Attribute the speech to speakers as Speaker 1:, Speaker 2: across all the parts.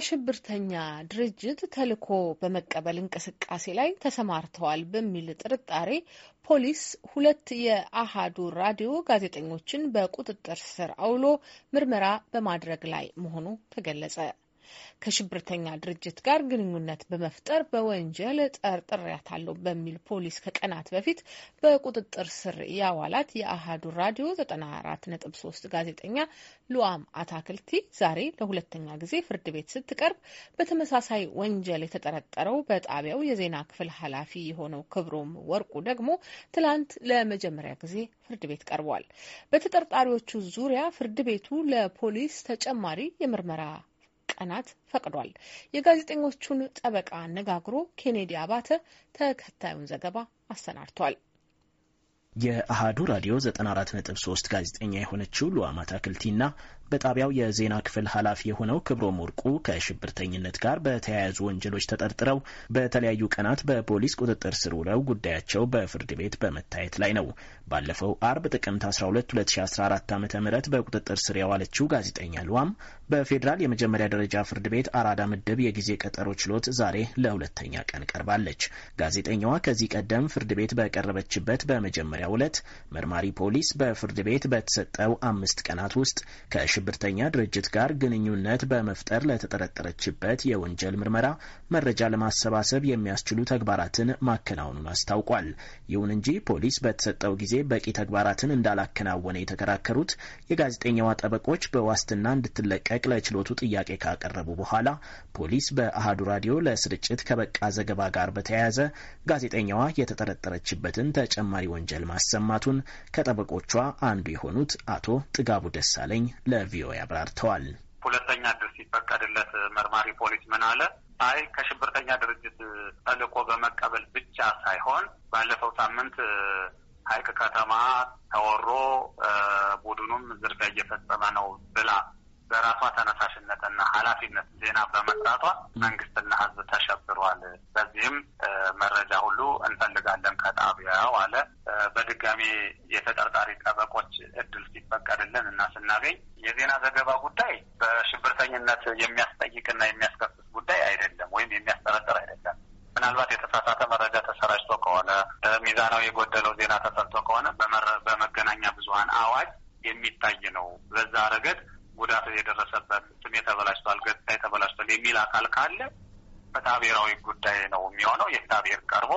Speaker 1: ከሽብርተኛ ድርጅት ተልዕኮ በመቀበል እንቅስቃሴ ላይ ተሰማርተዋል በሚል ጥርጣሬ ፖሊስ ሁለት የአሃዱ ራዲዮ ጋዜጠኞችን በቁጥጥር ስር አውሎ ምርመራ በማድረግ ላይ መሆኑ ተገለጸ። ከሽብርተኛ ድርጅት ጋር ግንኙነት በመፍጠር በወንጀል ጠርጥሬያታለሁ በሚል ፖሊስ ከቀናት በፊት በቁጥጥር ስር ያዋላት የአሃዱ ራዲዮ 94.3 ጋዜጠኛ ሉዋም አታክልቲ ዛሬ ለሁለተኛ ጊዜ ፍርድ ቤት ስትቀርብ በተመሳሳይ ወንጀል የተጠረጠረው በጣቢያው የዜና ክፍል ኃላፊ የሆነው ክብሮም ወርቁ ደግሞ ትላንት ለመጀመሪያ ጊዜ ፍርድ ቤት ቀርቧል። በተጠርጣሪዎቹ ዙሪያ ፍርድ ቤቱ ለፖሊስ ተጨማሪ የምርመራ ቀናት ፈቅዷል። የጋዜጠኞቹን ጠበቃ አነጋግሮ ኬኔዲ አባተ ተከታዩን ዘገባ አሰናድቷል።
Speaker 2: የአሃዱ ራዲዮ 94.3 ጋዜጠኛ የሆነችው ሉዋ ማታክልቲ በጣቢያው የዜና ክፍል ኃላፊ የሆነው ክብሮም ወርቁ ከሽብርተኝነት ጋር በተያያዙ ወንጀሎች ተጠርጥረው በተለያዩ ቀናት በፖሊስ ቁጥጥር ስር ውለው ጉዳያቸው በፍርድ ቤት በመታየት ላይ ነው። ባለፈው አርብ ጥቅምት 12 2014 ዓ ም በቁጥጥር ስር የዋለችው ጋዜጠኛ ልዋም በፌዴራል የመጀመሪያ ደረጃ ፍርድ ቤት አራዳ ምድብ የጊዜ ቀጠሮ ችሎት ዛሬ ለሁለተኛ ቀን ቀርባለች። ጋዜጠኛዋ ከዚህ ቀደም ፍርድ ቤት በቀረበችበት በመጀመሪያው ዕለት መርማሪ ፖሊስ በፍርድ ቤት በተሰጠው አምስት ቀናት ውስጥ ከሽ ሽብርተኛ ድርጅት ጋር ግንኙነት በመፍጠር ለተጠረጠረችበት የወንጀል ምርመራ መረጃ ለማሰባሰብ የሚያስችሉ ተግባራትን ማከናወኑን አስታውቋል። ይሁን እንጂ ፖሊስ በተሰጠው ጊዜ በቂ ተግባራትን እንዳላከናወነ የተከራከሩት የጋዜጠኛዋ ጠበቆች በዋስትና እንድትለቀቅ ለችሎቱ ጥያቄ ካቀረቡ በኋላ ፖሊስ በአህዱ ራዲዮ ለስርጭት ከበቃ ዘገባ ጋር በተያያዘ ጋዜጠኛዋ የተጠረጠረችበትን ተጨማሪ ወንጀል ማሰማቱን ከጠበቆቿ አንዱ የሆኑት አቶ ጥጋቡ ደሳለኝ ለ ለቪኦኤ አብራርተዋል። ሁለተኛ
Speaker 3: ድር ሲፈቀድለት መርማሪ ፖሊስ ምን አለ? አይ ከሽብርተኛ ድርጅት ተልዕኮ በመቀበል ብቻ ሳይሆን ባለፈው ሳምንት ሀይቅ ከተማ ተወሮ ቡድኑም ዝርፊያ እየፈጸመ ነው ብላ በራሷ ተነሳሽነትና ኃላፊነት ዜና በመስራቷ መንግስትና ህዝብ ተሸብሯል። በዚህም መረጃ ሁሉ እንፈልጋለን ከጣቢያው አለ። በድጋሚ የተጠርጣሪ ጠበቆች እድል ሲፈቀድልን እና ስናገኝ የዜና ዘገባ ጉዳይ በሽብርተኝነት የሚያስጠይቅና የሚያስከፍት ጉዳይ አይደለም ወይም የሚያስጠረጥር አይደለም። ምናልባት የተሳሳተ መረጃ ተሰራጭቶ ከሆነ ሚዛናዊ የጎደለው ዜና ተሰርቶ ከሆነ በመገናኛ ብዙኃን አዋጅ የሚታይ ነው። በዛ ረገድ ጉዳት የደረሰበት ስም ተበላሽቷል፣ ገጽታ የተበላሽቷል የሚል አካል ካለ ፍትሐ ብሔራዊ ጉዳይ ነው የሚሆነው። የፍትሐ ብሔር ቀርቦ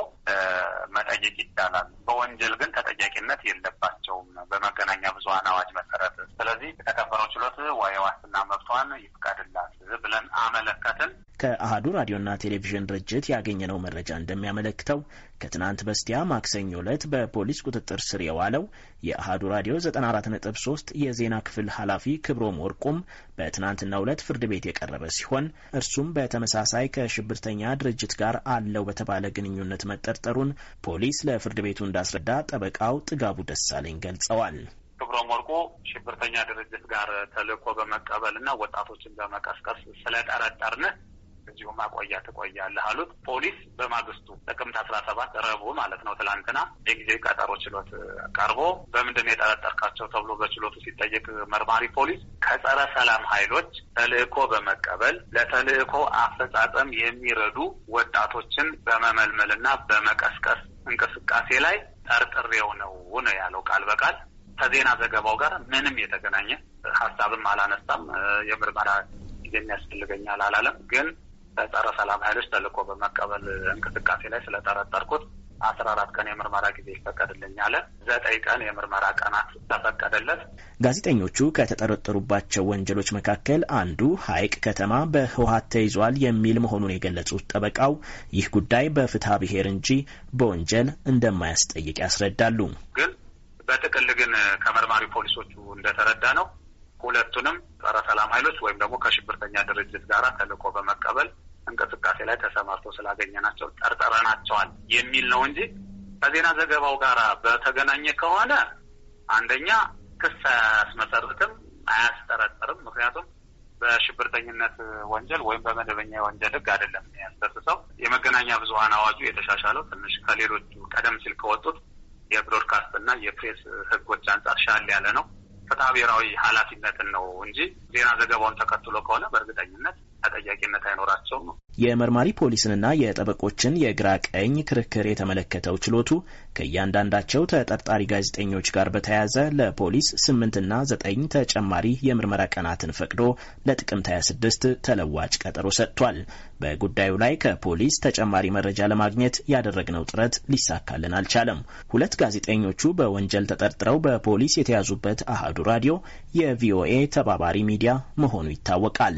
Speaker 3: መጠየቅ ይቻላል። በወንጀል ግን ተጠያቂነት የለባቸውም በመገናኛ ብዙኃን አዋጅ መሰረት። ስለዚህ የተከበረው ችሎት ዋየ መብቷን ይፍቀድላት ብለን አመለከትን።
Speaker 2: ከአህዱ ራዲዮና ቴሌቪዥን ድርጅት ያገኘነው መረጃ እንደሚያመለክተው ከትናንት በስቲያ ማክሰኞ ዕለት በፖሊስ ቁጥጥር ስር የዋለው የአህዱ ራዲዮ 94.3 የዜና ክፍል ኃላፊ ክብሮም ወርቁም በትናንትናው ዕለት ፍርድ ቤት የቀረበ ሲሆን እርሱም በተመሳሳይ ከሽብርተኛ ድርጅት ጋር አለው በተባለ ግንኙነት መጠርጠሩን ፖሊስ ለፍርድ ቤቱ እንዳስረዳ ጠበቃው ጥጋቡ ደሳለኝ ገልጸዋል። ክብሮም
Speaker 3: ወርቁ ሽብርተኛ ድርጅት ጋር ተልእኮ በመቀበልና ወጣቶችን በመቀስቀስ ስለጠረጠርንህ እዚሁ ማቆያ ትቆያለህ አሉት። ፖሊስ በማግስቱ ጥቅምት አስራ ሰባት ረቡዕ ማለት ነው ትላንትና የጊዜ ቀጠሮ ችሎት ቀርቦ በምንድን የጠረጠርካቸው ተብሎ በችሎቱ ሲጠየቅ መርማሪ ፖሊስ ከጸረ ሰላም ኃይሎች ተልእኮ በመቀበል ለተልእኮ አፈጻጸም የሚረዱ ወጣቶችን በመመልመልና በመቀስቀስ እንቅስቃሴ ላይ ጠርጥሬው ነው ነው ያለው ቃል በቃል ከዜና ዘገባው ጋር ምንም የተገናኘ ሀሳብም አላነሳም። የምርመራ ጊዜ የሚያስፈልገኛል አላለም። ግን ጸረ ሰላም ኃይሎች ተልእኮ በመቀበል እንቅስቃሴ ላይ ስለጠረጠርኩት አስራ አራት ቀን የምርመራ ጊዜ ይፈቀድልኝ አለ። ዘጠኝ ቀን የምርመራ ቀናት ተፈቀደለት።
Speaker 2: ጋዜጠኞቹ ከተጠረጠሩባቸው ወንጀሎች መካከል አንዱ ሀይቅ ከተማ በህወሀት ተይዟል የሚል መሆኑን የገለጹት ጠበቃው ይህ ጉዳይ በፍትሐ ብሔር እንጂ በወንጀል እንደማያስጠይቅ ያስረዳሉ። ግን
Speaker 3: በጥቅል ግን ከመርማሪ ፖሊሶቹ እንደተረዳ ነው ሁለቱንም ጸረ ሰላም ኃይሎች ወይም ደግሞ ከሽብርተኛ ድርጅት ጋር ተልእኮ በመቀበል እንቅስቃሴ ላይ ተሰማርቶ ስላገኘናቸው ጠርጥረናቸዋል የሚል ነው እንጂ ከዜና ዘገባው ጋር በተገናኘ ከሆነ አንደኛ ክስ አያስመሰርትም፣ አያስጠረጥርም። ምክንያቱም በሽብርተኝነት ወንጀል ወይም በመደበኛ የወንጀል ሕግ አይደለም የሚያስከስሰው። የመገናኛ ብዙኃን አዋጁ የተሻሻለው ትንሽ ከሌሎቹ ቀደም ሲል ከወጡት የብሮድካስት እና የፕሬስ ሕጎች አንጻር ሻል ያለ ነው። ፍትሐ ብሔራዊ ኃላፊነትን ነው እንጂ ዜና ዘገባውን ተከትሎ ከሆነ በእርግጠኝነት ተጠያቂነት አይኖራቸውም
Speaker 2: ነው። የመርማሪ ፖሊስንና የጠበቆችን የግራ ቀኝ ክርክር የተመለከተው ችሎቱ ከእያንዳንዳቸው ተጠርጣሪ ጋዜጠኞች ጋር በተያያዘ ለፖሊስ ስምንትና ዘጠኝ ተጨማሪ የምርመራ ቀናትን ፈቅዶ ለጥቅምት 26 ተለዋጭ ቀጠሮ ሰጥቷል። በጉዳዩ ላይ ከፖሊስ ተጨማሪ መረጃ ለማግኘት ያደረግነው ጥረት ሊሳካልን አልቻለም። ሁለት ጋዜጠኞቹ በወንጀል ተጠርጥረው በፖሊስ የተያዙበት አህዱ ራዲዮ የቪኦኤ ተባባሪ ሚዲያ መሆኑ ይታወቃል።